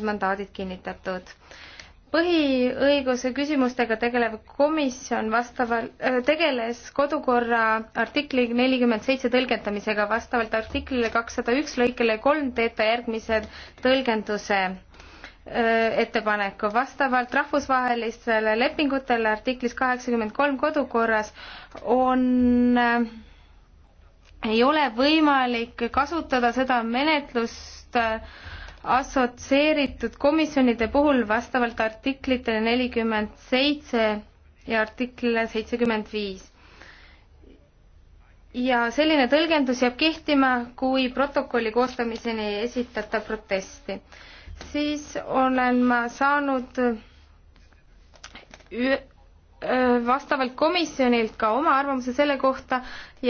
mandaadid kinnitatud. põhiõiguse küsimustega tegelev komisjon vastaval, äh, tegeles kodukorra artikli nelikümmend seitse tõlgendamisega, vastavalt artiklile kakssada üks lõikele kolm teeb ta järgmise tõlgenduse äh, ettepaneku. vastavalt rahvusvahelistele lepingutele artiklis kaheksakümmend kolm kodukorras on äh, ei ole võimalik kasutada seda menetlust äh, assotsieeritud komisjonide puhul vastavalt artiklitele nelikümmend seitse ja artiklile seitsekümmend viis. ja selline tõlgendus jääb kehtima, kui protokolli koostamiseni ei esitata protesti. siis olen ma saanud vastavalt komisjonilt ka oma arvamuse selle kohta ja